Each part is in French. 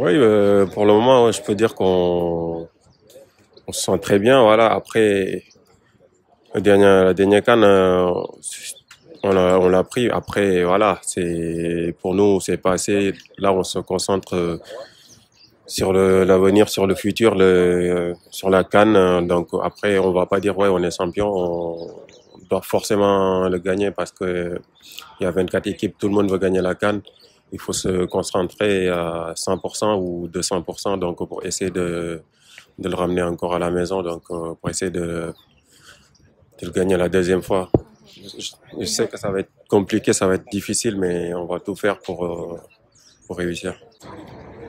Oui, euh, pour le moment, je peux dire qu'on se sent très bien. Voilà. Après, la dernière, la dernière canne, euh, on l'a, pris. Après, voilà, c'est pour nous, c'est passé. Là, on se concentre euh, sur l'avenir, sur le futur, sur la canne. Donc après, on va pas dire ouais, on est champion. On, doit forcément le gagner parce que il y a 24 équipes, tout le monde veut gagner la canne il faut se concentrer à 100% ou 200% donc pour essayer de, de, le ramener encore à la maison, donc euh, pour essayer de, de le gagner la deuxième fois. Je, sais que ça va être compliqué, ça va être difficile, mais on va tout faire pour, euh, pour réussir.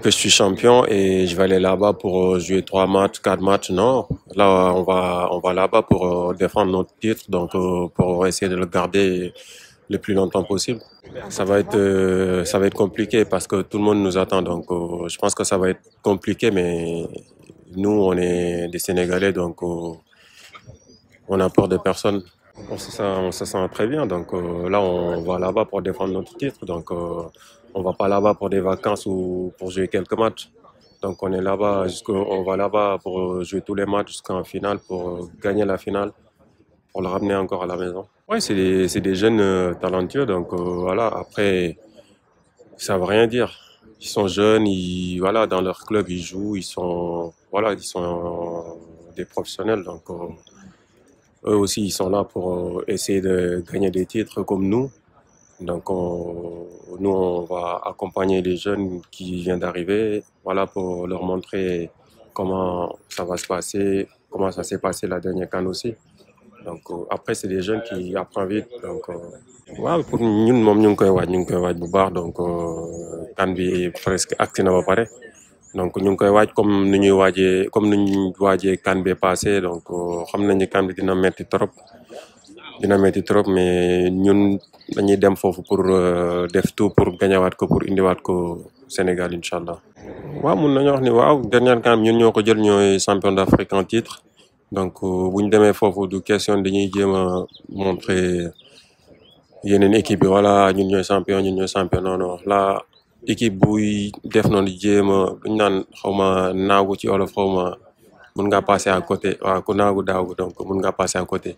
Que je suis champion et je vais aller là-bas pour euh, jouer trois matchs, quatre matchs, non. Là, on va, on va là-bas pour défendre notre titre, donc pour essayer de le garder. Et, le plus longtemps possible. Ça va être, euh, ça va être compliqué parce que tout le monde nous attend. Donc, euh, je pense que ça va être compliqué, mais nous, on est des Sénégalais, donc euh, on a peur de personne. On se sent, très bien. Donc là, on va là-bas pour défendre notre titre. Donc, on va pas là-bas pour des vacances ou pour jouer quelques matchs. Donc, on est là-bas, on va là-bas pour jouer tous les matchs jusqu'en finale, pour gagner la finale pour le ramener encore à la maison. Oui, c'est des, jeunes euh, talentueux, donc euh, voilà, après, ça ne veut rien dire ils sont jeunes, ils, voilà, dans leur club, ils jouent, ils sont, voilà, ils sont des professionnels. Donc, euh, eux aussi, ils sont là pour essayer de gagner des titres comme nous. Donc, nous, on va accompagner les jeunes qui viennent d'arriver, voilà, pour leur montrer comment ça va se passer, comment ça s'est passé la dernière canne aussi donc euh, après c'est des jeunes qui apprennent vite donc. waaw euh, pour ñun moom ñu ngi koy waaj ñu ngi koy waaj bu baax donc kan euh, bi presque agsi na ba paré donc ñu ngi koy comme ni ñuy waajee comme ni ñuy waajee kan bi passé donc xam nañ ne kan nous dina metti trop nous metti trop mais ñun dañuy dem fofu pour def tout pour gañawaat ko pour indiwaat ko Sénégal inchallah wa waaw nañ wax ni waaw dernier camp ñun ñoko jël ñoy champion d'Afrique en titre donc euh, buñ démé fofu du question dañuy jéma montrer yeneen équipe voilà ñun ñooy champion ñun ñooy champion non non la équipe buy def non jéma buñ naan ma naagu ci olof xawma ma mun ngaa passer à côté wa ku naagu daagu donc mun nga passer à côté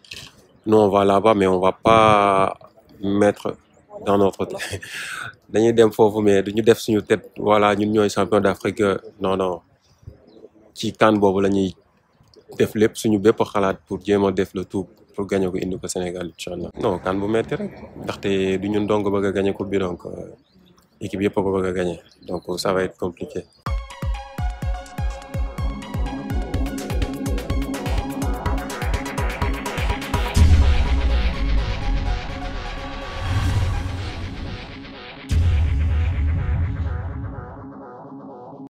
nous on va là-bas mais on va pas mettre dans notre tête dañuy dem fofu mais duñu def suñu tête voilà ñun ñooy champion d'Afrique non non ci kan bobu lañuy def lépp suñu bépp xalaat pour jéem a def le tout pour gagné ko indi ko Sénégal no allah. kan bu metti rek ndaxte du ñun dong bëgg a gagné ko bi donc euh, équipe yëpp ko bëgg a gagné donc sa va être compliqué.